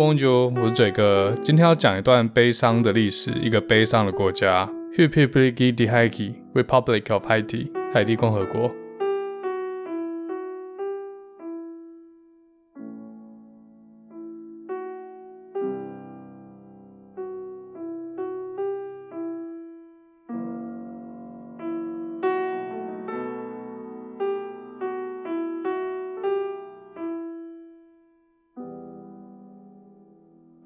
Bonjour，我是嘴哥，今天要講一段悲傷的歷史，一個悲傷的國家，République d'Haïti Republic of Haiti，海地共和國。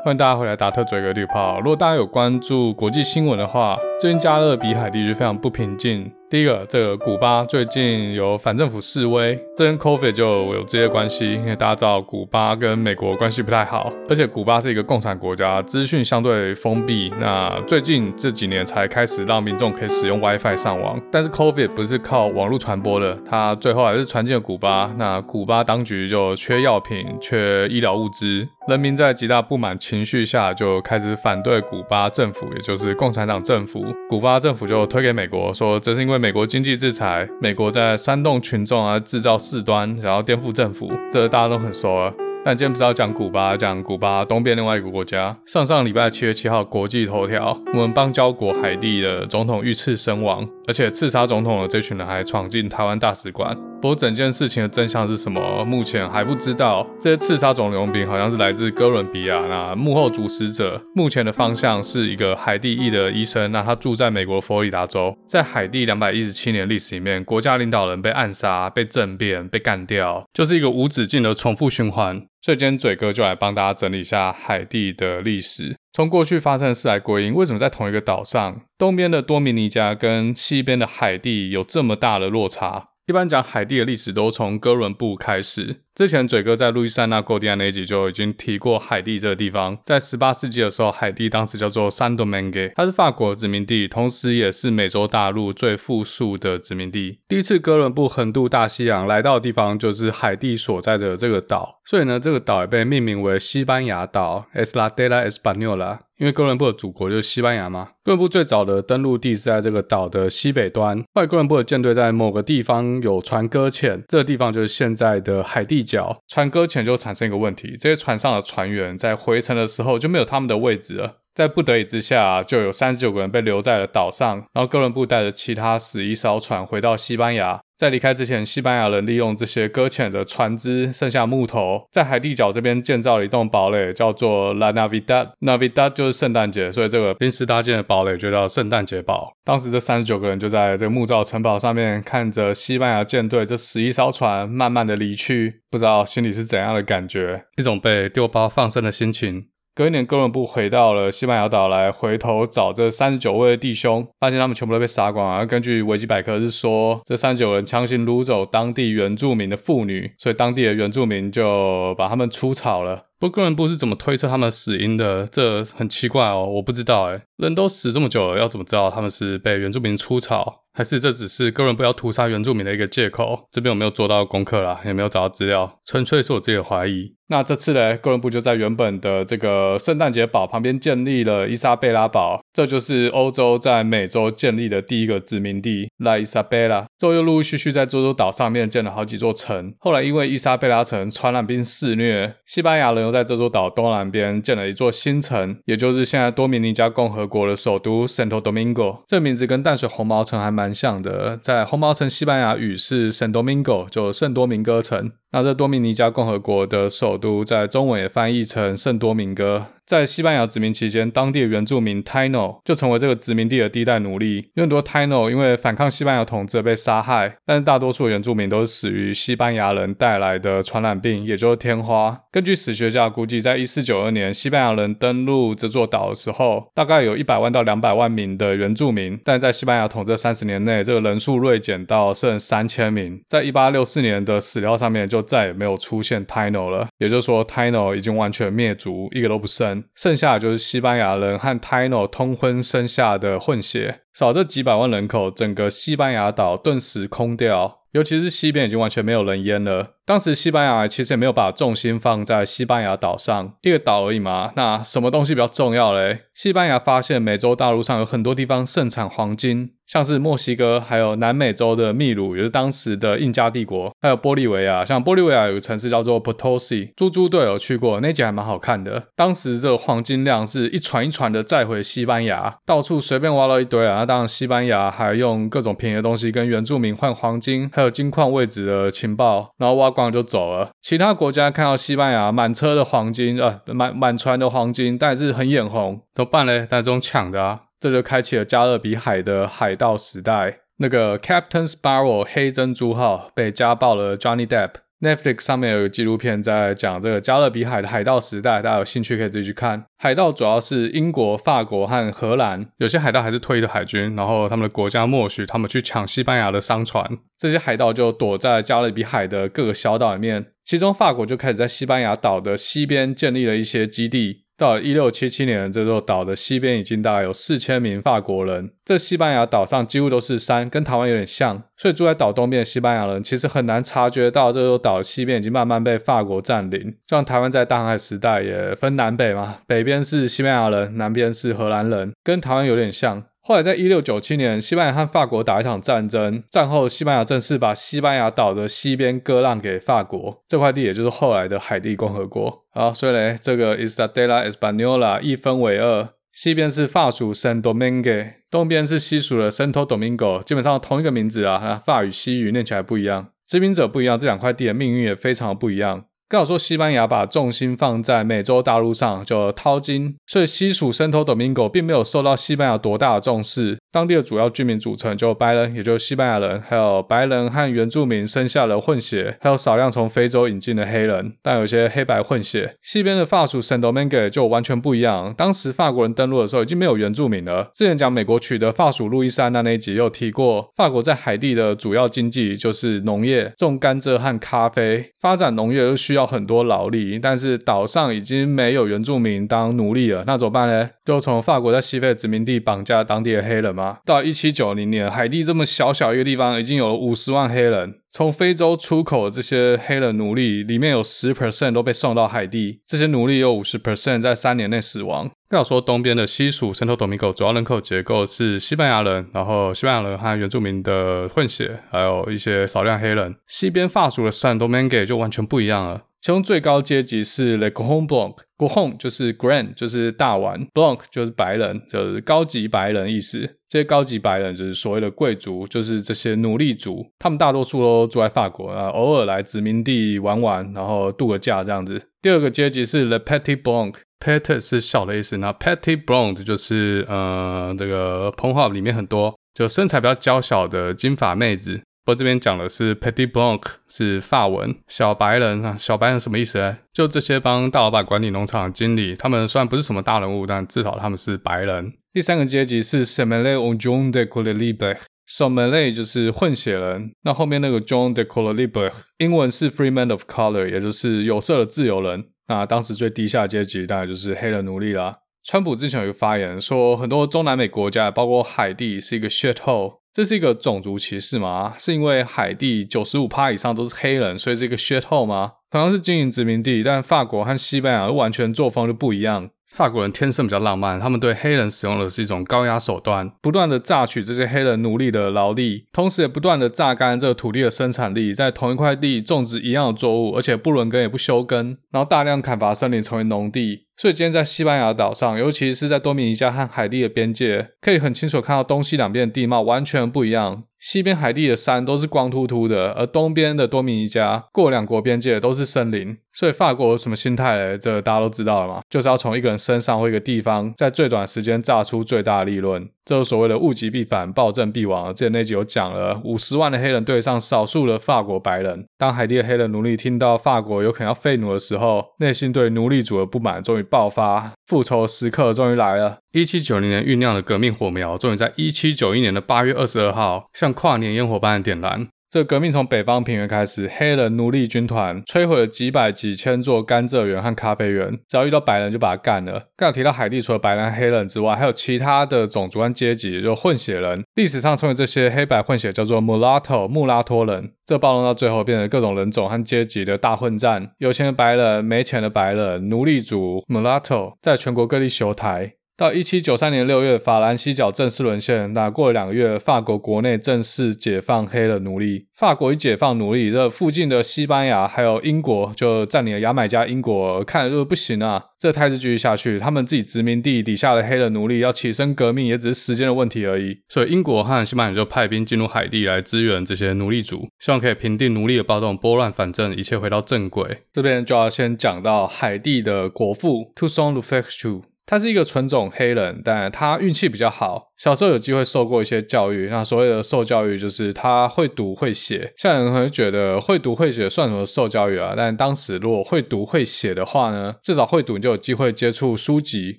歡迎大家回來，達特嘴哥地圖砲。如果大家有關注國際新聞的話，最近加勒比海地區非常不平靜。第一個，這個古巴最近有反政府示威，這跟 COVID 就有直接關係，因為大家知道古巴跟美國關係不太好，而且古巴是一個共產國家，資訊相對封閉。那最近這幾年才開始讓民眾可以使用 Wi-Fi 上網，但是 COVID 不是靠網絡傳播的，它最後還是傳進了古巴。那古巴當局就缺藥品、缺醫療物資，人民在極大不滿情緒下就開始反對古巴政府，也就是共產黨政府。古巴政府就推給美國，說這是因為美國經濟制裁，美國在煽動群眾而製造事端，想要顛覆政府，這大家都很熟了。但今天不是要講古巴，講古巴東邊另外一個國家。上上禮拜七月七號，國際頭條，我們邦交國海地的總統遇刺身亡，而且刺殺總統的這群人還闖進臺灣大使館。不過，整件事情的真相是什麼？目前還不知道。這些刺殺傭兵好像是來自哥倫比亞。那幕後主使者目前的方向是一個海地裔的醫生。那他住在美國佛羅里達州。在海地兩百一十七年歷史裡面，國家領導人被暗殺、被政變、被幹掉，就是一個無止境的重複循環。所以，今天嘴哥就來幫大家整理一下海地的歷史，從過去發生的事來歸因，為什麼在同一個島上，東邊的多米尼加跟西邊的海地有這麼大的落差？一般講海地的歷史都從哥倫布開始。之前嘴哥在路易斯安那購地案那一集就已經提過海地這個地方。在十八世紀的時候，海地當時叫做 Saint-Domingue，它是法國的殖民地，同時也是美洲大陸最富庶的殖民地。第一次哥倫布橫渡大西洋來到的地方就是海地所在的這個島，所以呢，這個島也被命名為西班牙島，Isla de la Española。因為哥倫布的祖國就是西班牙嘛，哥倫布最早的登陸地是在這個島的西北端。外哥倫布的艦隊在某個地方有船擱淺，這個地方就是現在的海地角。船擱淺就產生一個問題，這些船上的船員在回程的時候就沒有他們的位置了。在不得已之下，就有三十九個人被留在了島上。然後哥倫布帶着其他十一艘船回到西班牙。在離開之前，西班牙人利用這些擱淺的船隻剩下木頭，在海地角這邊建造了一棟堡壘，叫做 La Navidad。Navidad 就是聖誕節，所以這個臨時搭建的堡壘就叫聖誕節堡。當時這三十九個人就在這個木造城堡上面，看着西班牙艦隊這十一艘船慢慢的離去，不知道心裡是怎樣的感覺，一種被丟包放生的心情。隔一年，哥倫布回到了西班牙島來，回頭找這三十九位弟兄，發現他們全部都被殺光。然後，啊，根據維基百科是說，這三十九人強行擄走當地原住民的婦女，所以當地的原住民就把他們出草了。不過哥倫布是怎麼推測他們死因的？這很奇怪哦，我不知道哎。人都死這麼久了，要怎麼知道他們是被原住民出草，還是這只是哥倫布要屠殺原住民的一個借口？這邊我沒有做到功課啦，也沒有找到資料，純粹是我自己的懷疑。那這次呢，哥倫布就在原本的這個聖誕節堡旁邊建立了伊莎貝拉堡，這就是歐洲在美洲建立的第一個殖民地——萊伊莎貝拉。之後又陸陸續續在諸多島上面建了好幾座城。後來因為伊莎貝拉城傳染病肆虐，西班牙人。留在這座島東南邊建了一座新城，也就是現在多米尼加共和國的首都聖多明哥。這名字跟淡水紅毛城還蠻像的，在紅毛城西班牙語是聖多明哥，就聖多明哥城。那這多米尼加共和國的首都在中文也翻譯成聖多明哥。在西班牙殖民期間，當地的原住民 Taino 就成為這個殖民地的第一代奴隸。有很多 Taino 因為反抗西班牙統治而被殺害，但是大多數原住民都是死於西班牙人帶來的傳染病，也就是天花。根據史學家估計，在1492年西班牙人登陸這座島的時候，大概有100萬到200萬名的原住民，但在西班牙統治三十年內，這個人數銳減到剩3000名。在1864年的史料上面就再也沒有出現 Taino 了，也就是說 Taino 已經完全滅族，一個都不剩。剩下的就是西班牙人和 Taino 通婚生下的混血，少這幾百萬人口，整個西班牙島頓時空掉，尤其是西邊已經完全沒有人煙了。當時西班牙其實也沒有把重心放在西班牙島上，一個島而已嘛。那什麼東西比較重要嘞？西班牙發現美洲大陸上有很多地方盛產黃金，像是墨西哥，還有南美洲的秘魯，也是當時的印加帝國，還有玻利維亞。像玻利維亞有個城市叫做 Potosi，豬豬隊友去過，那集還蠻好看的。當時這個黃金量是一船一船的載回西班牙，到處隨便挖了一堆啊。那當然，西班牙還用各種便宜的東西跟原住民換黃金，還有金礦位置的情報，然後挖。光就走了。其他國家看到西班牙滿車的黃金，呃，滿滿船的黃金，但是很眼紅，怎麼辦嘞？大家用搶的啊。這就開啟了加勒比海的海盜時代。那個 Captain Sparrow 黑珍珠號被家暴了，Johnny Depp。Netflix 上面有個紀錄片在講這個加勒比海的海盜時代，大家有興趣可以自己去看。海盜主要是英國、法國和荷蘭，有些海盜還是退役的海軍，然後他們的國家默許他們去搶西班牙的商船。這些海盜就躲在加勒比海的各個小島裡面，其中法國就開始在西班牙島的西邊建立了一些基地。到了一六七七年，這座島的西邊已經大概有四千名法國人。這西班牙島上幾乎都是山，跟台灣有點像，所以住在島東邊的西班牙人其實很難察覺到這座島的西邊已經慢慢被法國占領。像台灣在大航海時代也分南北嘛，北邊是西班牙人，南邊是荷蘭人，跟台灣有點像。後來，在一六九七年，西班牙和法國打一場戰爭，戰後西班牙正式把西班牙島的西邊割讓給法國，這塊地也就是後來的海地共和國。好，所以呢，這個 Isla de la Española 一分為二，西邊是法屬 Saint-Domingue，東邊是西屬的 Santo Domingo，基本上同一個名字啊，法語、西語念起來不一樣，殖民者不一樣，這兩塊地的命運也非常的不一樣。剛好說，西班牙把重心放在美洲大陸上，就淘金，所以西屬聖多明戈並沒有受到西班牙多大的重視。當地的主要居民組成就白人，也就是西班牙人，還有白人和原住民生下的混血，還有少量從非洲引進的黑人，但有些黑白混血。西邊的法屬聖多明戈就完全不一樣，當時法國人登陸的時候已經沒有原住民了。之前講美國取得法屬路易斯安那那一集又提過，法國在海地的主要經濟就是農業，種甘蔗和咖啡，發展農業又需要很多勞力，但是島上已經沒有原住民當奴隸了，那怎麼辦呢？就從法國在西非的殖民地綁架當地的黑人嗎？到一七九零年，海地這麼小小一個地方，已經有了五十萬黑人。從非洲出口的這些黑人奴隸裡面有十 percent 都被送到海地，這些奴隸有五十 percent 在三年內死亡。要說東邊的西屬聖多明哥，主要人口結構是西班牙人，然後西班牙人和原住民的混血，還有一些少量黑人。西邊法屬的聖多美給就完全不一樣了。其中最高階級是 le grand blanc，grand 就是 grand，就是大碗，blanc 就是白人，就是高級白人意思。這些高級白人就是所謂的貴族，就是這些奴隸主，他們大多數都住在法國啊，偶爾來殖民地玩玩，然後度個假這樣子。第二個階級是 le petit blanc，petit 是小的意思，那 petit blanc 就是呃這個蓬畫裡面很多，就身材比較嬌小的金髮妹子。我這邊講的是 petit blanc，是法文小白人啊。小白人什麼意思呢？欸，就這些幫大老板管理農場的經理，他們雖然不是什麼大人物，但至少他們是白人。第三個階級是 sang-mêlé gens de couleur libres，sang-mêlé 就是混血人。那後面那個 gens de couleur libres，英文是 free man of color，也就是有色的自由人。那當時最低下階級大概就是黑人奴隸啦。川普之前有一個發言說，很多中南美國家，包括海地，是一個 shit hole。這是一個種族歧視嗎？是因為海地九十五趴以上都是黑人，所以是一個 shithole 嗎？同樣是經營殖民地，但法國和西班牙完全作風就不一樣。法國人天生比較浪漫，他們對黑人使用的是一種高壓手段，不斷的榨取這些黑人奴隸的勞力，同時也不斷的榨乾這個土地的生產力。在同一塊地種植一樣的作物，而且不輪耕也不休耕，然後大量砍伐森林成為農地。所以今天在西班牙的島上，尤其是在多米尼加和海地的邊界，可以很清楚看到東西兩邊的地貌完全不一樣。西邊海地的山都是光禿禿的，而東邊的多米尼加過兩國邊界的都是森林。所以法國有什麼心態呢？這個大家都知道了嘛，就是要從一個人身上或一個地方，在最短時間榨出最大的利潤。這是所謂的物極必反，暴政必亡。之前那集有講了，五十萬的黑人對上少數的法國白人。當海地的黑人奴隸聽到法國有可能要廢奴的時候，內心對奴隸主的不滿終於爆發，復仇時刻終於來了。一七九零年醞釀的革命火苗，終於在一七九一年的八月二十二號，像跨年煙火般的點燃。這個革命從北方平原開始，黑人奴隸軍團摧毀了幾百幾千座甘蔗園和咖啡園，只要遇到白人就把他幹了。剛有提到海地除了白人、黑人之外，還有其他的種族和階級，也就是混血人。歷史上稱為這些黑白混血叫做 mulatto、穆拉托人。這暴亂到最後變成各種人種和階級的大混戰，有錢的白人、沒錢的白人、奴隸主、mulatto，在全國各地修台。到一七九三年六月，法蘭西角正式淪陷。那過了兩個月，法國國內正式解放黑人奴隸。法國一解放奴隸，這個、附近的西班牙還有英國就佔領了牙買加。英國看如不，不行啊，這個、態勢，繼續下去，他們自己殖民地底下的黑人奴隸要起身革命，也只是時間的問題而已。所以英國和西班牙就派兵進入海地來支援這些奴隸主，希望可以平定奴隸的暴動，撥亂反正，一切回到正軌。這邊就要先講到海地的國父 Toussaint L'Ouverture。他是一個純種黑人，但他運氣比較好，小時候有機會受過一些教育。那所謂的受教育，就是他會讀會寫。現代人可能覺得會讀會寫算什麼受教育啊？但當時如果會讀會寫的話呢，至少會讀你就有機會接觸書籍，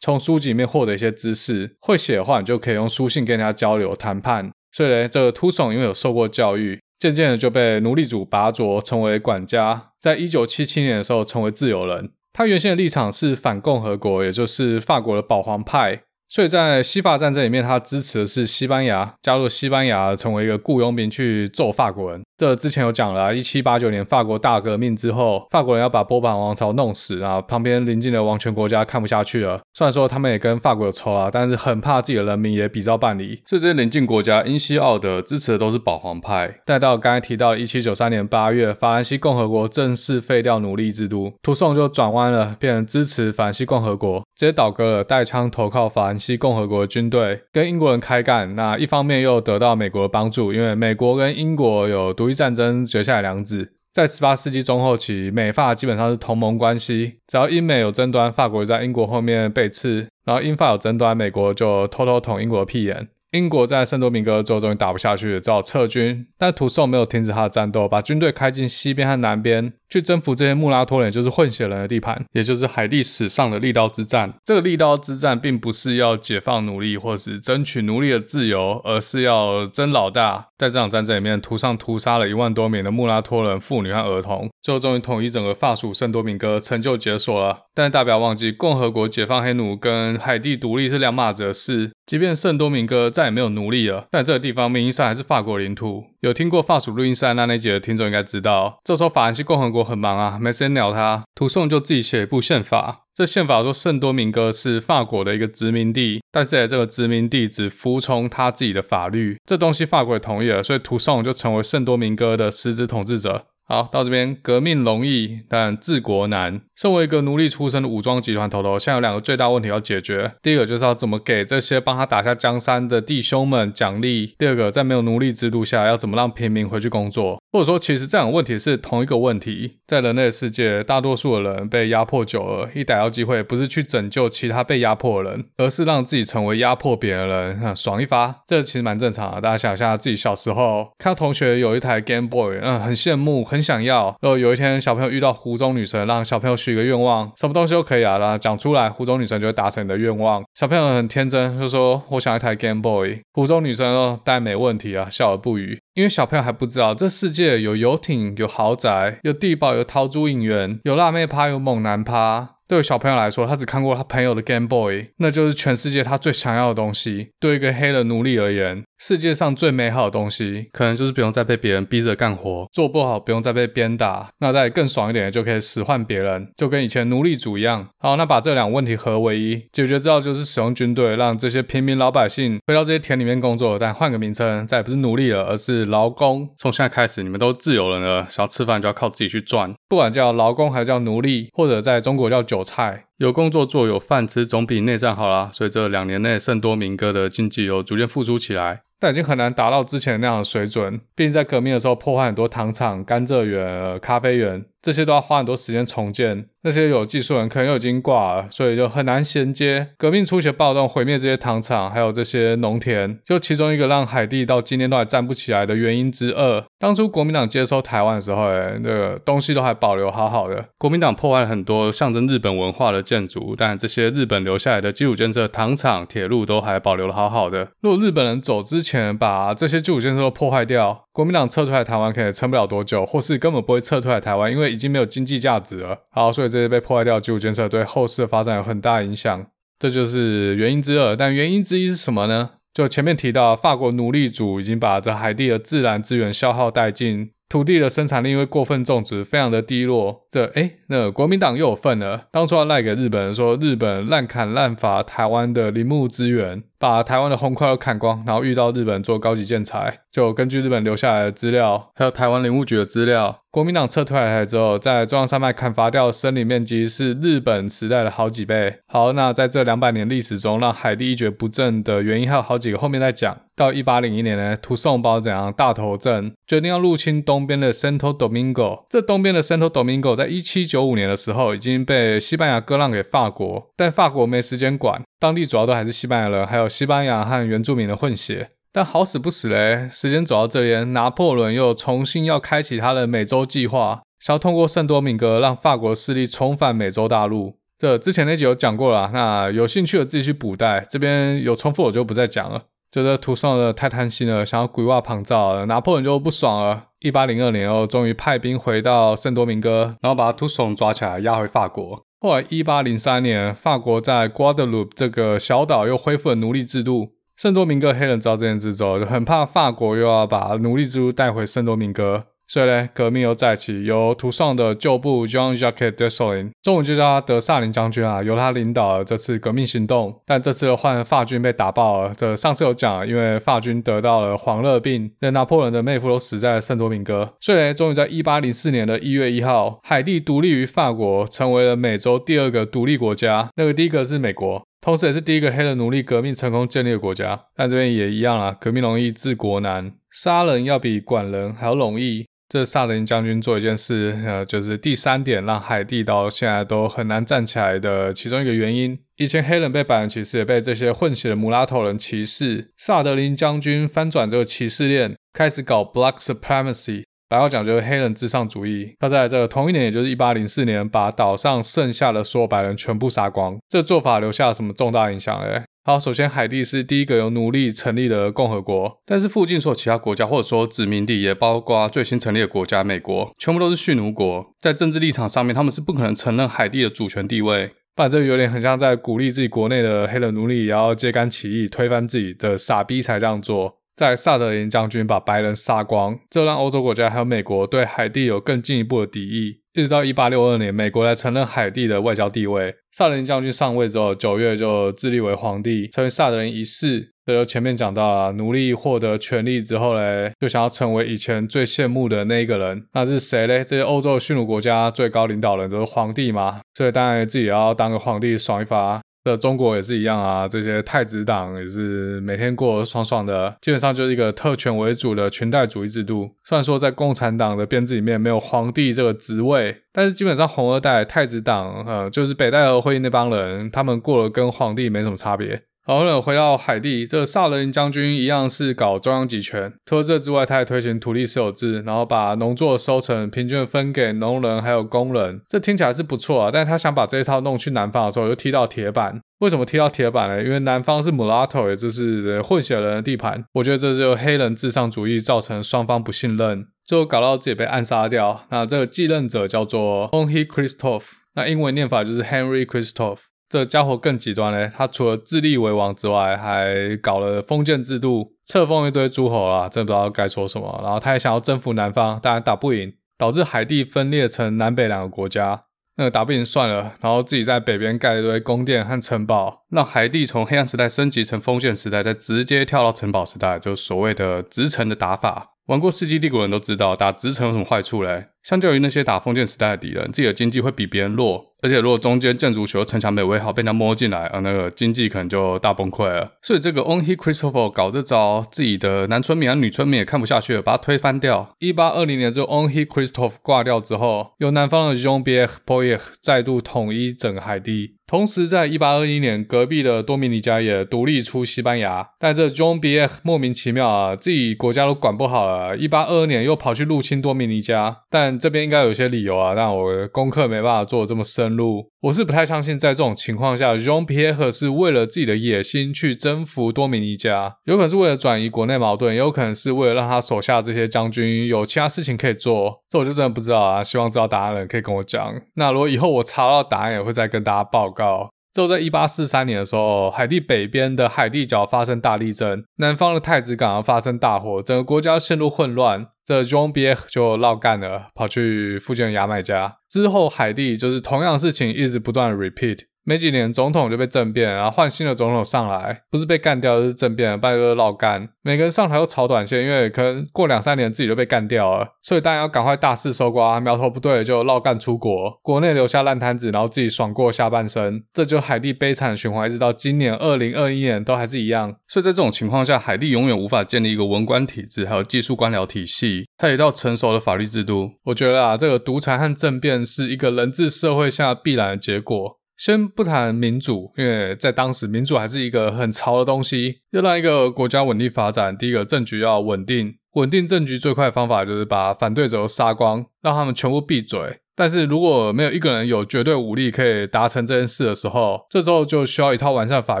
從書籍裡面獲得一些知識；會寫的話，你就可以用書信跟人家交流談判。所以呢，這個 Toussaint 因為有受過教育，漸漸的就被奴隸主拔擢成為管家。在一九七七年的時候，成為自由人。他原先的立場是反共和國，也就是法國的保皇派。所以在西法戰爭裡面，他支持的是西班牙，加入西班牙成為一個僱傭兵去揍法國人。這之前有講了啊，一七八九年法國大革命之後，法國人要把波旁王朝弄死啊，旁邊鄰近的王權國家看不下去了。雖然說他們也跟法國有仇啊，但是很怕自己的人民也比照辦理。所以這些鄰近國家英、西、奧、德支持的都是保皇派。帶到剛才提到一七九三年八月，法蘭西共和國正式廢掉奴隸制度，圖頌就轉彎了，變成支持法蘭西共和國，直接倒戈了，帶槍投靠法蘭西。西共和國的軍隊跟英國人開幹，那一方面又得到美國的幫助，因為美國跟英國有獨立戰爭結下梁子。在十八世紀中後期，美法基本上是同盟關係，只要英美有爭端，法國在英國後面背刺；然後英法有爭端，美國就偷偷捅英國的屁眼。英國在聖多明哥之後終於打不下去，只好撤軍。但圖聖沒有停止他的戰鬥，把軍隊開進西邊和南邊，去征服這些穆拉托人，就是混血人的地盤，也就是海地史上的利刀之戰。這個利刀之戰並不是要解放奴隸或是爭取奴隸的自由，而是要爭老大。在這場戰爭裡面，圖聖屠殺了一萬多名的穆拉托人婦女和兒童，最後終於統一整個法屬聖多明哥，成就解鎖了。但大家不要忘記，共和國解放黑奴跟海地獨立是兩碼子事。即便聖多明哥在再也沒有奴隸了，但這個地方名義上還是法國領土。有聽過法屬圭亞那那集的聽眾應該知道，這時候法蘭西共和國很忙啊，沒時間鳥他。圖頌就自己寫一部憲法，這憲法說聖多明哥是法國的一個殖民地，但是這，這個殖民地只服從他自己的法律。這東西法國也同意了，所以圖頌就成為聖多明哥的實質統治者。好，到這邊革命容易，但治國難。身為一個奴隸出身的武裝集團頭頭，現在有兩個最大問題要解決：第一個就是要怎麼給這些幫他打下江山的弟兄們獎勵；第二個，在沒有奴隸制度下，要怎麼讓平民回去工作？或者說，其實這兩個問題是同一個問題。在人類世界，大多數的人被壓迫久了，一逮到機會，不是去拯救其他被壓迫的人，而是讓自己成為壓迫別人的人。嗯，爽一發。這個其實蠻正常的。大家想一下，自己小時候看到同學有一台 Game Boy，嗯，很羨慕。很想要，然後有一天小朋友遇到湖中女神，讓小朋友許個願望，什麼東西都可以啊，啦，講出來，湖中女神就會達成你的願望。小朋友很天真，就說我想要一台 Game Boy。湖中女神哦，但沒問題啊，笑而不語。因為小朋友還不知道這世界有遊艇、有豪宅、有地堡、有逃珠演員、有辣妹趴、有猛男趴。對於小朋友來說，他只看過他朋友的 Game Boy，那就是全世界他最想要的東西。對於一個黑人奴隸而言，世界上最美好的東西，可能就是不用再被別人逼着幹活，做不好不用再被鞭打。那再更爽一點的，就可以使喚別人，就跟以前奴隸主一樣。好，那把這兩個問題合為一，解決之道就是使用軍隊，讓這些平民老百姓回到這些田裡面工作，但換個名稱，再也不是奴隸了，而是勞工。從現在開始，你們都自由了呢，想要吃飯就要靠自己去賺。不管叫勞工還是叫奴隸，或者在中國叫韭菜，有工作做，有飯吃，總比內戰好啦。所以這兩年內，聖多明哥的經濟又逐漸復蘇起來。但已經很難達到之前那樣的水準。畢竟在革命的時候破壞很多糖廠、甘蔗園、呃、咖啡園，這些都要花很多時間重建。那些有技術人可能又已經掛了，所以就很難銜接。革命初期的暴動，毀滅這些糖廠，還有這些農田，就其中一個讓海地到今天都還站不起來的原因之二。當初國民黨接收台灣的時候，那、欸這個東西都還保留好好的。國民黨破壞了很多象徵日本文化的建築，但這些日本留下來的基礎建設，糖廠、鐵路都還保留得好好的。如果日本人走之前。前把這些舊建設都破壞掉，國民黨撤退台灣可能撐不了多久，或是根本不會撤退來台灣，因為已經沒有經濟價值了。好，所以這些被破壞掉舊建設對後世的發展有很大影響，這就是原因之二。但原因之一是什麼呢？就前面提到，法國奴隸主已經把這海地的自然資源消耗殆盡，土地的生產力因為過分種植非常的低落。這哎、欸，那國民黨又有份了，當初要賴給日本人說，說日本濫砍濫伐台灣的林木資源。把台灣的紅檜都砍光，然後遇到日本做高級建材。就根據日本留下來的資料，還有台灣林務局的資料，國民黨撤退來台之後，在中央山脈砍伐掉的森林面積是日本時代的好幾倍。好，那在這兩百年歷史中，讓海地一蹶不振的原因還有好幾個，後面再講。到一八零一年呢，圖宋包怎樣大頭陣決定要入侵東邊的 Santo Domingo。這東邊的 Santo Domingo 在一七九五年的時候已經被西班牙割讓給法國，但法國沒時間管，當地主要都還是西班牙人，還有。西班牙和原住民的混血，但好死不死嘞！時間走到這邊，拿破崙又重新要開啟他的美洲計劃，想要通過聖多明哥讓法國勢力重返美洲大陸。這之前那集有講過了，那有興趣的自己去補帶，這邊有重複我就不再講了。就這圖松的太貪心了，想要鬼話膨脹，拿破崙就不爽了。一八零二年哦，終於派兵回到聖多明哥，然後把圖松抓起來押回法國。後來，一八零三年，法國在 Guadeloupe 這個小島又恢復了奴隸制度。聖多明哥黑人知道這件事之後，就很怕法國又要把奴隸制度帶回聖多明哥。所以嘞，革命又再起，由圖上的舊部 Jean-Jacques Dessalines 中文就叫他德薩林將軍啊，由他領導了這次革命行動。但這次又換法軍被打爆了，這上次有講，因為法軍得到了黃熱病，那拿破崙的妹夫都死在了聖多明哥。所以嘞，終於在一八零四年的一月一號，海地獨立於法國，成為了美洲第二個獨立國家，那個第一個是美國。同時，也是第一個黑人奴隸革命成功建立的國家。但這邊也一樣啊，革命容易治國難，殺人要比管人還要容易。這是薩德林將軍做一件事，呃，就是第三點，讓海地到現在都很難站起來的其中一個原因。以前黑人被白人歧視，其實也被這些混血的穆拉頭人歧視。薩德林將軍翻轉這個歧視鏈，開始搞 Black Supremacy。然後講究黑人至上主義。他在這個、同一年，也就是一八零四年，把島上剩下的所有白人全部殺光。這個、做法留下了什麼重大影響？哎，好，首先，海地是第一個由奴隸成立的共和國，但是附近所有其他國家，或者說殖民地，也包括最新成立的國家美國，全部都是蓄奴國。在政治立場上面，他們是不可能承認海地的主權地位，不然這有點很像在鼓勵自己國內的黑人奴隸也要揭竿起義，推翻自己的傻逼才這樣做。在薩德林將軍把白人殺光，這讓歐洲國家還有美國對海地有更進一步的敵意。一直到一八六二年，美國來承認海地的外交地位。薩德林將軍上位之後，九月就自立為皇帝，成為薩德林一世。這就前面講到了，奴隸獲得權力之後嘞，就想要成為以前最羨慕的那一個人。那是誰嘞？這些歐洲馴奴國家最高領導人都、就是皇帝嘛。所以當然自己也要當個皇帝爽一發。的中國也是一樣啊，這些太子黨也是每天過得爽爽的，基本上就是一個特權為主的裙帶主義制度。雖然說在共產黨的編制裡面沒有皇帝這個職位，但是基本上紅二代、太子黨，呃，就是北戴河會議那幫人，他們過得跟皇帝沒什麼差別。好了，回到海地，這個、薩林將軍一樣是搞中央集權。除了這之外，他還推行土地私有制，然後把農作收成平均分給農人還有工人。這聽起來是不錯啊，但是他想把這一套弄去南方的時候，又踢到鐵板。為什麼踢到鐵板呢？因為南方是 mulatto，也就是混血人的地盤。我覺得這就是黑人至上主義造成雙方不信任，最後搞到自己被暗殺掉。那這個繼任者叫做 Henri Christophe，那英文念法就是 Henry Christophe。這家伙更極端嘞，他除了自立為王之外，還搞了封建制度，冊封一堆諸侯啊，真不知道該說什麼。然後他也想要征服南方，當然打不贏，導致海地分裂成南北兩個國家。那個打不贏算了，然後自己在北邊蓋一堆宮殿和城堡，讓海地從黑暗時代升級成封建時代，再直接跳到城堡時代，就所謂的直城的打法。玩過世紀帝國的人都知道，打直城有什麼壞處嘞？相較於那些打封建時代的敵人，自己的經濟會比別人弱，而且如果中間建築學有城牆沒圍好，被他摸進來，啊那個經濟可能就大崩潰了。所以這個 Henri Christophe 搞這招，自己的男村民啊女村民也看不下去了，把他推翻掉。一八二零年之後，Henri Christophe 掛掉之後，由南方的 Jean-Pierre Boyer 再度統一整個海地。同時，在一八二一年，隔壁的多米尼加也獨立出西班牙。但這 Jean-Pierre 莫名其妙啊，自己國家都管不好了，一八二二年又跑去入侵多米尼加，但這邊應該有一些理由啊，但我的功課沒辦法做這麼深入。我是不太相信，在這種情況下，Jean-Pierre 是為了自己的野心去征服多米尼加，有可能是為了轉移國內矛盾，也有可能是為了讓他手下這些將軍有其他事情可以做。這我就真的不知道啊，希望知道答案的人可以跟我講。那如果以後我查到答案，也會再跟大家報告。就在一八四三年的時候，海地北邊的海地角發生大地震，南方的太子港發生大火，整個國家陷入混亂。這 Jean Boyer 就落干了，跑去附近的牙買加。之後，海地就是同樣的事情一直不斷 repeat。沒幾年，總統就被政變了，然後換新的總統上來，不是被幹掉就是政變了，半路就繞乾。每個人上台都炒短線，因為可能過兩三年自己就被幹掉了，所以當然要趕快大肆收刮，苗頭不對就繞乾出國，國內留下爛攤子，然後自己爽過下半生。這就是海地悲慘的循環，一直到今年二零二一年都還是一樣。所以在這種情況下，海地永遠無法建立一個文官體制，還有技術官僚體系，它有一套成熟的法律制度。我覺得啊，這個獨裁和政變是一個人治社會下必然的結果。先不談民主，因為在當時，民主還是一個很潮的東西。要讓一個國家穩定發展，第一個政局要穩定，穩定政局最快的方法就是把反對者殺光，讓他們全部閉嘴。但是如果沒有一個人有絕對武力可以達成這件事的時候，這時候就需要一套完善法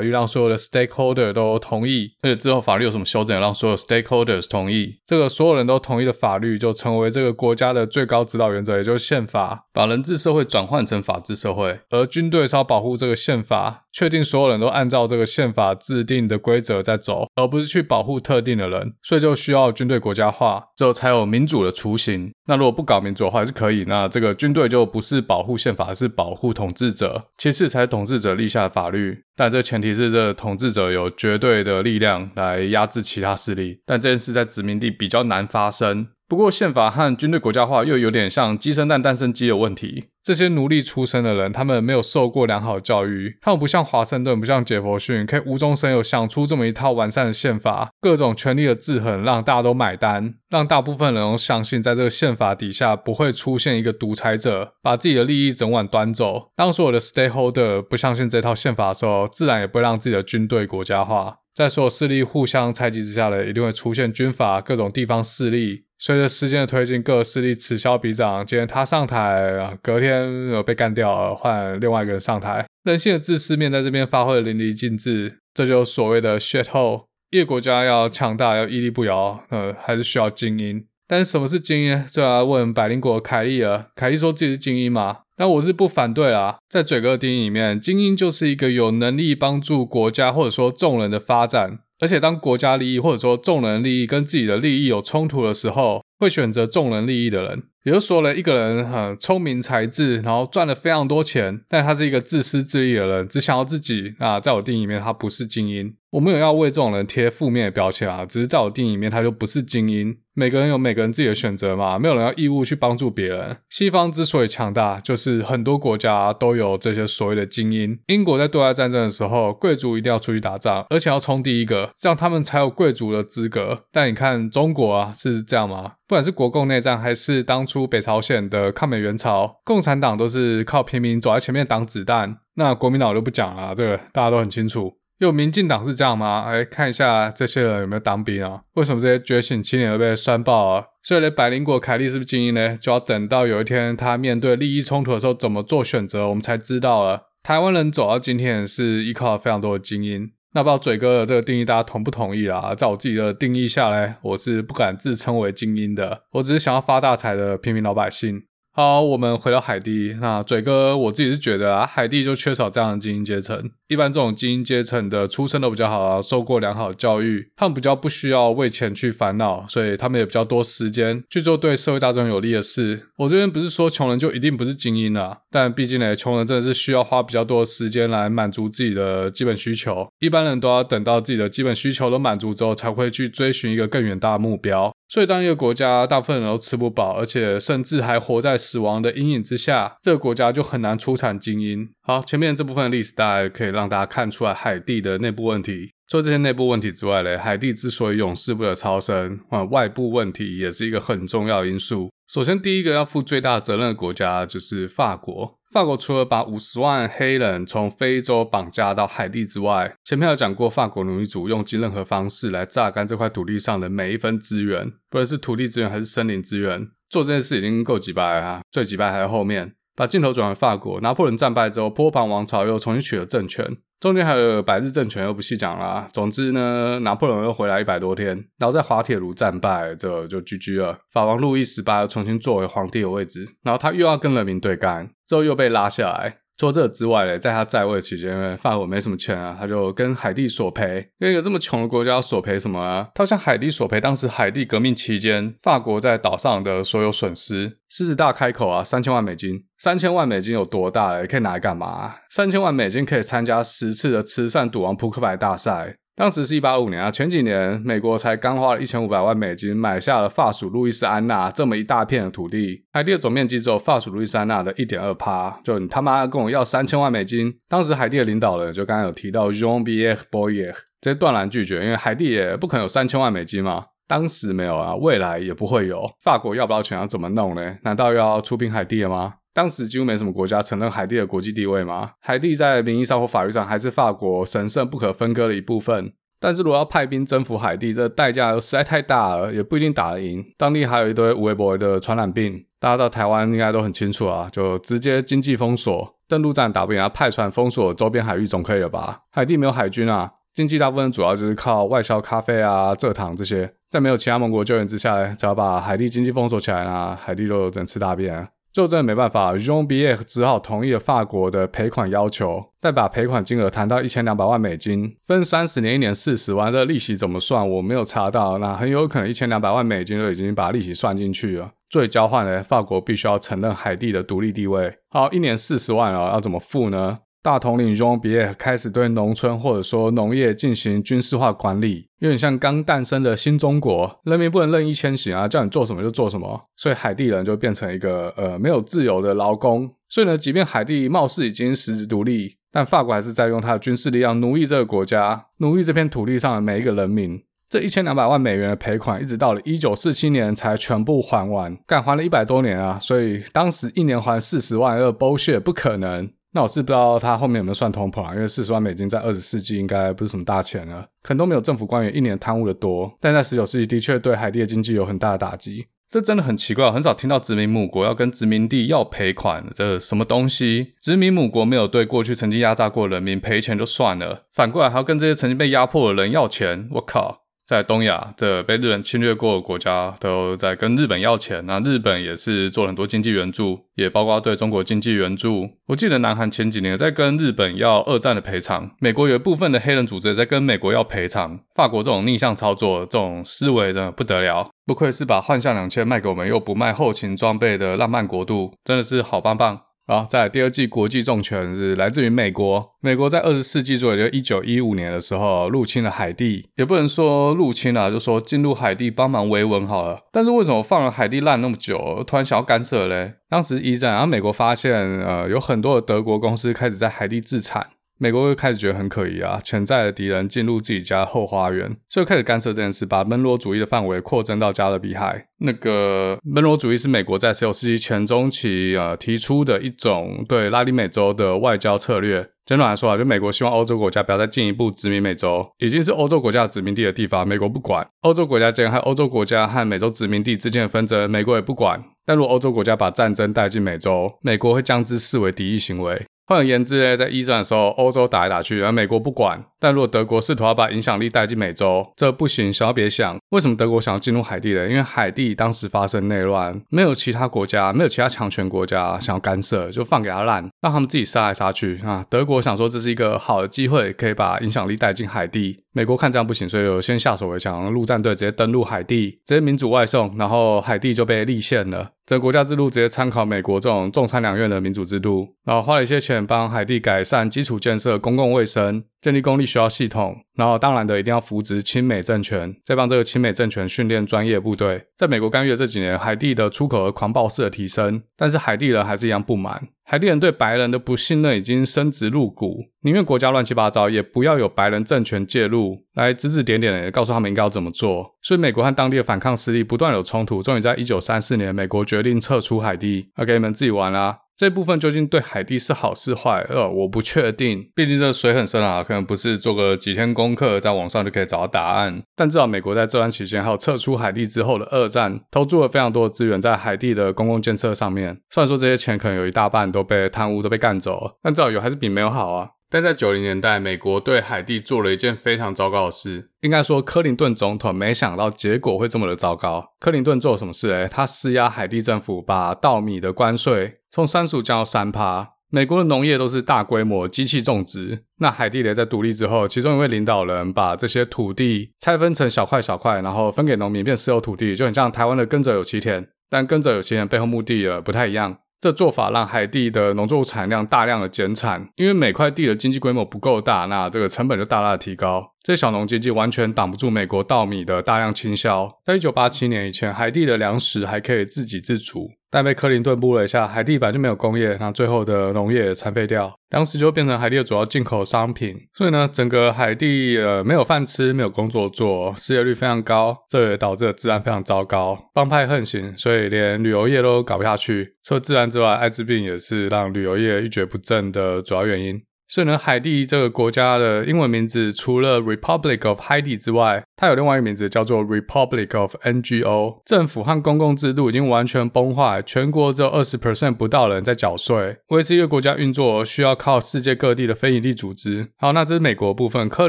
律，讓所有的 stakeholder 都同意。而且之後法律有什麼修正，讓所有 stakeholders 同意，這個所有人都同意的法律就成為這個國家的最高指導原則，也就是憲法，把人治社會轉換成法治社會。而軍隊是要保護這個憲法，確定所有人都按照這個憲法制定的規則在走，而不是去保護特定的人。所以就需要軍隊國家化，之後才有民主的雛形。那如果不搞民主的話，還是可以，那這個軍隊就不是保護憲法，而是保護統治者，其次才是統治者立下的法律。但這前提是這統治者有絕對的力量來壓制其他勢力，但這件事在殖民地比較難發生。不過憲法和軍隊國家化又有點像雞生蛋，蛋生雞的問題。這些奴隸出身的人，他們沒有受過良好的教育，他們不像華盛頓，不像傑佛遜，可以無中生有想出這麼一套完善的憲法，各種權力的制衡，讓大家都買單，讓大部分人都相信，在這個憲法底下不會出現一個獨裁者，把自己的利益整碗端走。當所有的 stakeholder 不相信這套憲法的時候，自然也不會讓自己的軍隊國家化。在所有勢力互相猜忌之下呢，一定會出現軍閥，各種地方勢力。隨着時間的推進，各勢力此消彼長。今天他上台，隔天又被幹掉了，換另外一個人上台。人性的自私面在這邊發揮的淋漓盡致，這就是所謂的 shit hole。一個國家要強大，要屹立不搖，呃，還是需要精英。但是什麼是精英？就來問百靈果凱莉了。凱莉說自己是精英嗎？但我是不反對啦。在嘴哥的定義裡面，精英就是一個有能力幫助國家或者說眾人的發展。而且，當國家利益或者說眾人利益跟自己的利益有衝突的時候，會選擇眾人利益的人。也就說了，一個人很聰、嗯、明才智，然後賺了非常多錢，但他是一個自私自利的人，只想要自己啊。那在我定義裡面，他不是精英。我沒有要為這種人貼負面的標籤啊，只是在我定義裡面，他就不是精英。每個人有每個人自己的選擇嘛，沒有人要義務去幫助別人。西方之所以強大，就是很多國家、啊、都有這些所謂的精英。英國在對外戰爭的時候，貴族一定要出去打仗，而且要衝第一個，這樣他們才有貴族的資格。但你看中國啊，是這樣嗎？不管是國共內戰，還是當初。出北朝鮮的抗美援朝，共產黨都是靠平民走在前面擋子彈。那國民黨我就不講了，這個大家都很清楚。有民進黨是這樣嗎？哎，看一下這些人有沒有當兵啊？為什麼這些覺醒青年都被酸爆啊？所以呢，百靈果凱莉是不是精英呢？就要等到有一天他面對利益衝突的時候怎麼做選擇，我們才知道了。台灣人走到今天是依靠了非常多的精英。那不知道嘴哥的這個定義大家同不同意啦？在我自己的定義下呢，我是不敢自稱為精英的，我只是想要發大財的平民老百姓。好，我們回到海地。那嘴哥，我自己是覺得啊，海地就缺少這樣的精英階層。一般這種精英階層的出身都比較好啊，受過良好教育，他們比較不需要為錢去煩惱，所以他們也比較多時間去做對社會大眾有利的事。我這邊不是說窮人就一定不是精英啊，但畢竟呢，窮人真的是需要花比較多的時間來滿足自己的基本需求。一般人都要等到自己的基本需求都滿足之後，才會去追尋一個更遠大的目標。所以，當一個國家大部分人都吃不飽，而且甚至還活在死亡的陰影之下，這個國家就很難出產精英。好，前面這部分歷史大概可以讓大家看出來海地的內部問題。除了這些內部問題之外咧，海地之所以永世不得超生，啊，外部問題也是一個很重要的因素。首先，第一個要負最大責任的國家就是法國。法國除了把五十萬黑人從非洲綁架到海地之外，前面有講過，法國奴隸主用盡任何方式來榨乾這塊土地上的每一分資源，不論是土地資源還是森林資源。做這件事已經夠機掰了，最機掰還在後面。把鏡頭轉回法國，拿破崙戰敗之後，波旁王朝又重新取了政權。中間還有百日政權，又不細講了。總之呢，拿破崙又回來一百多天，然後在滑鐵盧戰敗，這個、就 GG 了。法王路易十八又重新作為皇帝的位置，然後他又要跟人民對幹，之後又被拉下來。說這個之外嘞，在他在位期間，法國沒什麼錢啊，他就跟海地索賠，跟一個這麼窮的國家要索賠什麼啊？他向海地索賠當時海地革命期間法國在島上的所有損失，獅子大開口啊，三千萬美金，三千萬美金有多大嘞？可以拿來幹嘛啊？三千萬美金可以參加十次的慈善賭王撲克牌大賽。當時是一八五五年啊，前幾年美國才剛花了一千五百萬美金買下了法屬路易斯安那這麼一大片的土地，海地的總面積只有法屬路易斯安那的一點二趴，就你他媽跟我要三千萬美金！當時海地的領導人就剛剛有提到 Jean-Pierre Boyer，直接斷然拒絕，因為海地也不可能有三千萬美金嘛，當時沒有啊，未來也不會有。法國要不到錢要怎麼弄呢？難道又要出兵海地了嗎？當時幾乎沒什麼國家承認海地的國際地位嘛，海地在名義上或法律上還是法國神聖不可分割的一部分。但是，如果要派兵征服海地，這個、代價又實在太大了，也不一定打得贏。當地還有一堆無微博的傳染病，大家到台灣應該都很清楚啊。就直接經濟封鎖，登陸戰打不贏、啊，派船封鎖周邊海域總可以了吧？海地沒有海軍啊，經濟大部分主要就是靠外銷咖啡啊、蔗糖這些。在沒有其他盟國救援之下，只要把海地經濟封鎖起來呢、啊，海地都能吃大便、啊。就這沒辦法，Jean-Pierre 只好同意了法國的賠款要求，再把賠款金額談到一千兩百萬美金，分三十年，一年四十萬。這個、利息怎麼算？我沒有查到，那很有可能一千兩百萬美金就已經把利息算進去了。所以交換呢，法國必須要承認海地的獨立地位。好，一年四十萬啊、哦，要怎麼付呢？大統領儒昂比爾開始對農村或者說農業進行軍事化管理，有點像剛誕生的新中國，人民不能任意遷徙啊，叫你做什麼就做什麼，所以海地人就變成一個呃沒有自由的勞工。所以呢，即便海地貌似已經實質獨立，但法國還是在用他的軍事力量奴役這個國家，奴役這片土地上的每一個人民。這一千兩百萬美元的賠款，一直到了一九四七年才全部還完，幹還了一百多年啊！所以當時一年還四十萬，二 bullshit，不可能。那我是不知道他後面有沒有算通膨啊，因為四十萬美金在二十世紀應該不是什麼大錢，了啊，可能都沒有政府官員一年貪汙的多。但在十九世紀的確對海地的經濟有很大的打擊，這真的很奇怪。很少聽到殖民母國要跟殖民地要賠款，這什麼東西？殖民母國沒有對過去曾經壓榨過的人民賠錢就算了，反過來還要跟這些曾經被壓迫的人要錢，我靠！在東亞，這個被日本侵略過的國家都在跟日本要錢，那日本也是做了很多經濟援助，也包括對中國經濟援助。我記得南韓前幾年在跟日本要二戰的賠償，美國有一部分的黑人組織也在跟美國要賠償。法國這種逆向操作，這種思維真的不得了，不愧是把幻象兩千賣給我們又不賣後勤裝備的浪漫國度，真的是好棒棒。啊、哦，在第二記國際重拳是來自於美國。美國在二十世紀左右，就一九一五年的時候入侵了海地，也不能說入侵了，就說進入海地幫忙維穩好了。但是為什麼放了海地爛那麼久，突然想要干涉呢？當時一戰，然、啊、後美國發現，呃，有很多的德國公司開始在海地自產。美國又開始覺得很可疑啊，潛在的敵人進入自己家後花園，所以開始干涉這件事，把門羅主義的範圍擴增到加勒比海。那個門羅主義是美國在十九世紀前中期呃提出的一種對拉丁美洲的外交策略。簡短來說啊，就美國希望歐洲國家不要再進一步殖民美洲，已經是歐洲國家殖民地的地方，美國不管；歐洲國家間、和歐洲國家和美洲殖民地之間的紛爭，美國也不管。但如果歐洲國家把戰爭帶進美洲，美國會將之視為敵意行為。換言之，呢，在一戰的時候，歐洲打來打去，而美國不管。但如果德國試圖要把影響力帶進美洲，這不行，想要別想。為什麼德國想要進入海地呢？因為海地當時發生內亂，沒有其他國家，沒有其他強權國家想要干涉，就放給他爛，讓他們自己殺來殺去啊。德國想說這是一個好的機會，可以把影響力帶進海地。美國看這樣不行，所以就先下手為強，讓陸戰隊直接登陸海地，直接民主外送，然後海地就被立憲了。這國家制度直接參考美國這種眾參兩院的民主制度，然後花了一些錢幫海地改善基礎建設、公共衛生、建立公立學校系統，然後當然的一定要扶植親美政權，再幫這個親美政權訓練專業部隊。在美國干預的這幾年，海地的出口額狂暴式的提升，但是海地人還是一樣不滿。海地人對白人的不信任已經深植入骨，寧願國家亂七八糟，也不要有白人政權介入來指指點點的、欸、告訴他們應該要怎麼做。所以美國和當地的反抗勢力不斷有衝突，終於在一九三四年，美國決定撤出海地，o、okay, 給你們自己玩啦、啊。這部分究竟對海地是好是壞？呃，我不確定，畢竟這水很深啊，可能不是做個幾天功課，在網上就可以找到答案。但至少美國在這段期間，還有撤出海地之後的二戰，投注了非常多的資源在海地的公共建設上面。雖然說這些錢可能有一大半都被貪污都被幹走了，但至少有還是比沒有好啊。但在九零年代，美國對海地做了一件非常糟糕的事。應該說，克林頓總統沒想到結果會這麼的糟糕。克林頓做了什麼事？哎，他施壓海地政府把稻米的關稅從三十五降到三趴。美國的農業都是大規模機器種植，那海地雷在獨立之後，其中一位領導人把這些土地拆分成小塊小塊，然後分給農民，變私有土地，就很像台灣的耕者有其田。但耕者有其田背後目的也不太一樣。這做法讓海地的農作物產量大量的減產，因為每塊地的經濟規模不夠大，那這個成本就大大提高。這小農經濟完全擋不住美國稻米的大量傾銷。在一九八七年以前，海地的糧食還可以自給自足。但被克林頓布了一下，海地本來就沒有工業，然後最後的農業也殘廢掉，糧食就變成海地的主要進口商品。所以呢，整個海地呃沒有飯吃，沒有工作做，失業率非常高，這也導致了治安非常糟糕，幫派橫行，所以連旅遊業都搞不下去。除了治安之外，艾滋病也是讓旅遊業一蹶不振的主要原因。所以呢，海地這個國家的英文名字除了 Republic of Haiti 之外，它有另外一個名字叫做 Republic of NGO。政府和公共制度已經完全崩壞，全國只有二十 percent 不到人在繳稅，維持一個國家運作需要靠世界各地的非營利組織。好，那這是美國部分，克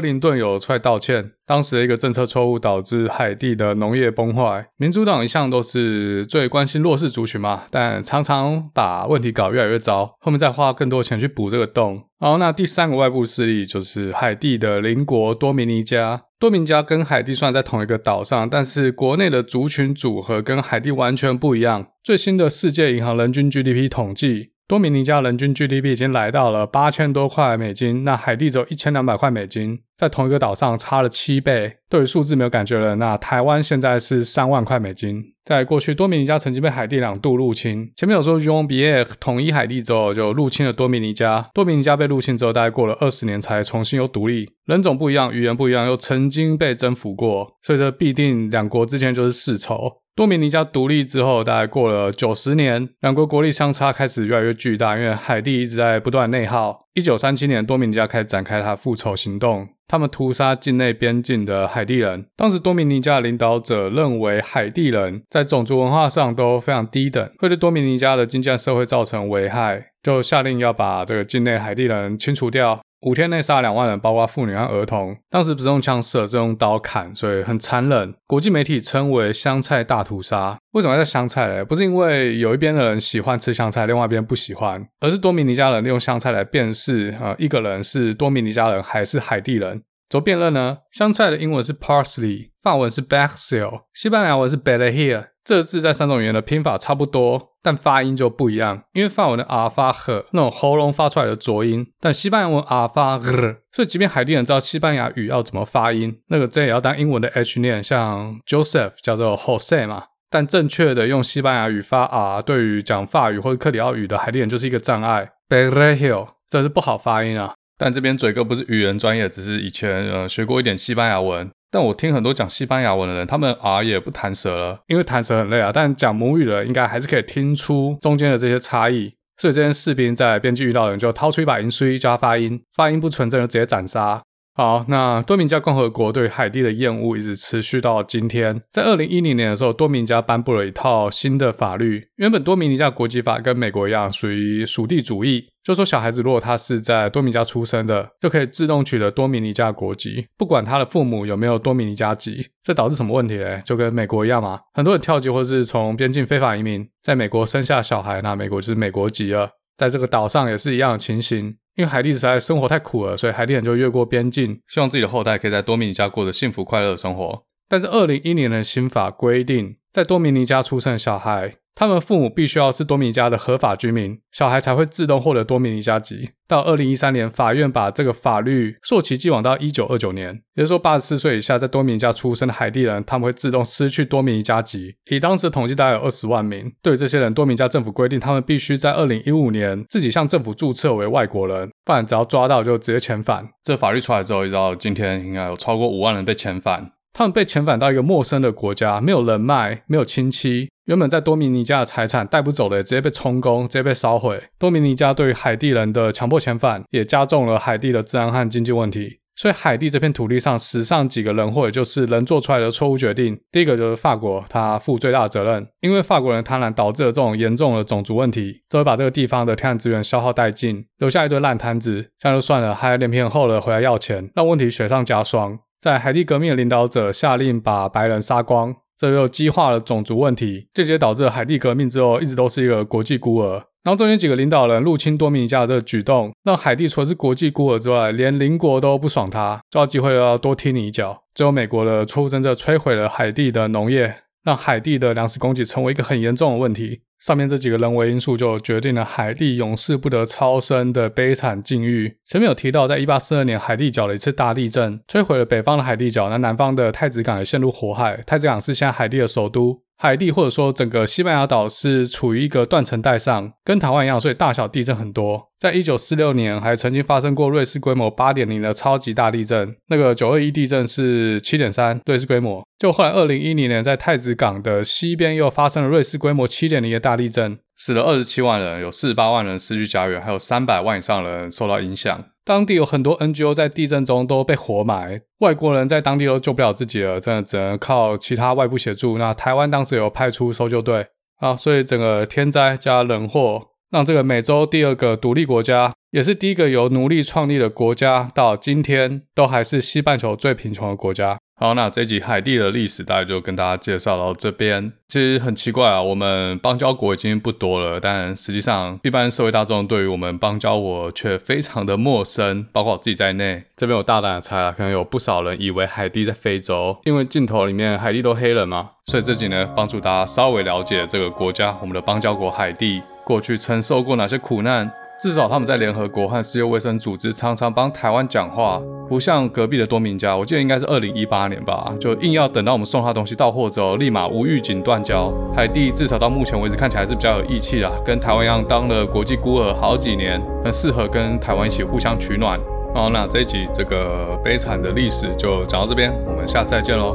林頓有出來道歉。當時的一個政策錯誤導致海地的農業崩壞。民主黨一向都是最關心弱勢族群嘛，但常常把問題搞越來越糟，後面再花更多錢去補這個洞。然後那第三個外部勢力就是海地的鄰國多米尼加。多米尼加跟海地算在同一個島上，但是國內的族群組合跟海地完全不一樣。最新的世界銀行人均 GDP 統計，多米尼加人均 GDP 已經來到了八千多塊美金，那海地只有一千兩百塊美金。在同一個島上差了七倍，對於數字沒有感覺了。那台灣現在是三萬塊美金。在過去，多米尼加曾經被海地兩度入侵。前面有說，居翁比耶統一海地之後就入侵了多米尼加。多米尼加被入侵之後，大概過了二十年才重新又獨立。人種不一樣，語言不一樣，又曾經被征服過，所以這必定兩國之間就是世仇。多米尼加獨立之後，大概過了九十年，兩國國力相差開始越來越巨大，因為海地一直在不斷內耗。一九三七年，多米尼加開始展開他的復仇行動。他們屠殺境內邊境的海地人。當時，多米尼加的領導者認為海地人在種族文化上都非常低等，會對多米尼加的經濟和社會造成危害，就下令要把這個境內海地人清除掉。五天內殺了兩萬人，包括婦女和兒童。當時不是用槍射，是用刀砍，所以很殘忍。國際媒體稱為“香菜大屠殺”。為什麼要叫香菜嘞？不是因為有一邊的人喜歡吃香菜，另外一邊不喜歡，而是多米尼加人利用香菜來辨識啊、呃、一個人是多米尼加人還是海地人。怎麼辨認呢？香菜的英文是 parsley，法文是 persil，西班牙文是 perejil。這字在三種語言的拼法差不多，但發音就不一樣。因為法文的 r 發 h 那種喉嚨發出來的濁音，但西班牙文 r 發 r，所以即便海地人知道西班牙語要怎麼發音，那個 J 也要當英文的 h 念，像 Joseph 叫做 Jose 嘛。但正確的用西班牙語發 r，對於講法語或者克里奧語的海地人就是一個障礙。b a r r i l i o 這是不好發音啊。但這邊嘴哥不是語言專業，只是以前呃學過一點西班牙文。但我聽很多講西班牙文的人，他們啊也不彈舌了，因為彈舌很累啊。但講母語的應該還是可以聽出中間的這些差異。所以這些士兵在邊境遇到的人，就掏出一把芫荽叫他發音，發音不純正就直接斬殺。好，那多米尼加共和國對海地的厭惡一直持續到今天。在二零一零年的時候，多米尼加頒布了一套新的法律。原本多米尼加國籍法跟美國一樣，屬於屬地主義，就說小孩子如果他是在多米尼加出生的，就可以自動取得多米尼加國籍，不管他的父母有沒有多米尼加籍。這導致什麼問題？哎，就跟美國一樣嘛，很多人跳級或者是從邊境非法移民，在美國生下小孩，那美國就是美國籍了。在這個島上也是一樣的情形。因為海地實在生活太苦了，所以海地人就越過邊境，希望自己的後代可以在多米尼加過著幸福快樂的生活。但是，二零一零年的新法規定，在多米尼加出生的小孩，他們父母必須要是多米尼加的合法居民，小孩才會自動獲得多米尼加籍。到二零一三年，法院把這個法律溯及既往到一九二九年，也就是說，八十四歲以下在多米尼加出生的海地人，他們會自動失去多米尼加籍。以當時統計，大概有二十萬名。對於這些人，多米尼加政府規定，他們必須在二零一五年自己向政府注冊為外國人，不然只要抓到就直接遣返。這法律出來之後，一直到今天應該有超過五萬人被遣返。他們被遣返到一個陌生的國家，沒有人脈，沒有親戚。原本在多米尼加的財產帶不走的，直接被充公，直接被燒毀。多米尼加對於海地人的強迫遣返，也加重了海地的治安和經濟問題。所以，海地這片土地上史上幾個人，或者就是人做出來的錯誤決定。第一個就是法國，他負最大的責任，因為法國人貪婪導致了這種嚴重的種族問題，就會把這個地方的天然資源消耗殆盡，留下一堆爛攤子。這樣就算了，還臉皮很厚的回來要錢，讓問題雪上加霜。在海地革命的領導者下令把白人殺光，這又激化了種族問題，間接導致了海地革命之後一直都是一個國際孤兒。然後中間幾個領導人入侵多米尼加這個舉動，讓海地除了是國際孤兒之外，連鄰國都不爽他，抓機會又要多踢你一腳。最後美國的粗暴政策摧毀了海地的農業，讓海地的糧食供給成為一個很嚴重的問題。上面這幾個人為因素就決定了海地永世不得超生的悲慘境遇。前面有提到，在1842年，海地角的一次大地震，摧毀了北方的海地角，那南方的太子港也陷入火海。太子港是現在海地的首都。海地或者說整個西班牙島是處於一個斷層帶上，跟台灣一樣，所以大小地震很多。在一九四六年還曾經發生過芮氏規模八點零的超級大地震，那個九二一地震是七點三，芮氏規模。就後來二零一零年在太子港的西邊又發生了芮氏規模七點零的大地震，死了二十七萬人，有四十八萬人失去家園，還有三百萬以上人受到影響。當地有很多 NGO 在地震中都被活埋，外國人在當地都救不了自己了，真的只能靠其他外部協助。那台灣當時有派出搜救隊啊，所以整個天災加人禍，讓這個美洲第二個獨立國家，也是第一個由奴隸創立的國家，到今天都還是西半球最貧窮的國家。好，那這集海地的歷史大概就跟大家介紹到這邊。其實很奇怪啊，我們邦交國已經不多了，但實際上一般社會大眾對於我們邦交國卻非常的陌生，包括我自己在內。這邊有大膽的猜啊，可能有不少人以為海地在非洲，因為鏡頭裡面海地都黑了嘛。所以這集呢，幫助大家稍微了解這個國家，我們的邦交國海地過去承受過哪些苦難。至少他們在聯合國和世界衛生組織常常幫台灣講話，不像隔壁的多米尼加，我記得應該是二零一八年吧，就硬要等到我們送他東西到貨之後，立馬無預警斷交。海地至少到目前為止看起來是比較有義氣啊。跟台灣一樣當了國際孤兒好幾年，很適合跟台灣一起互相取暖。好，那這一集這個悲慘的歷史就講到這邊，我們下次再見嘍。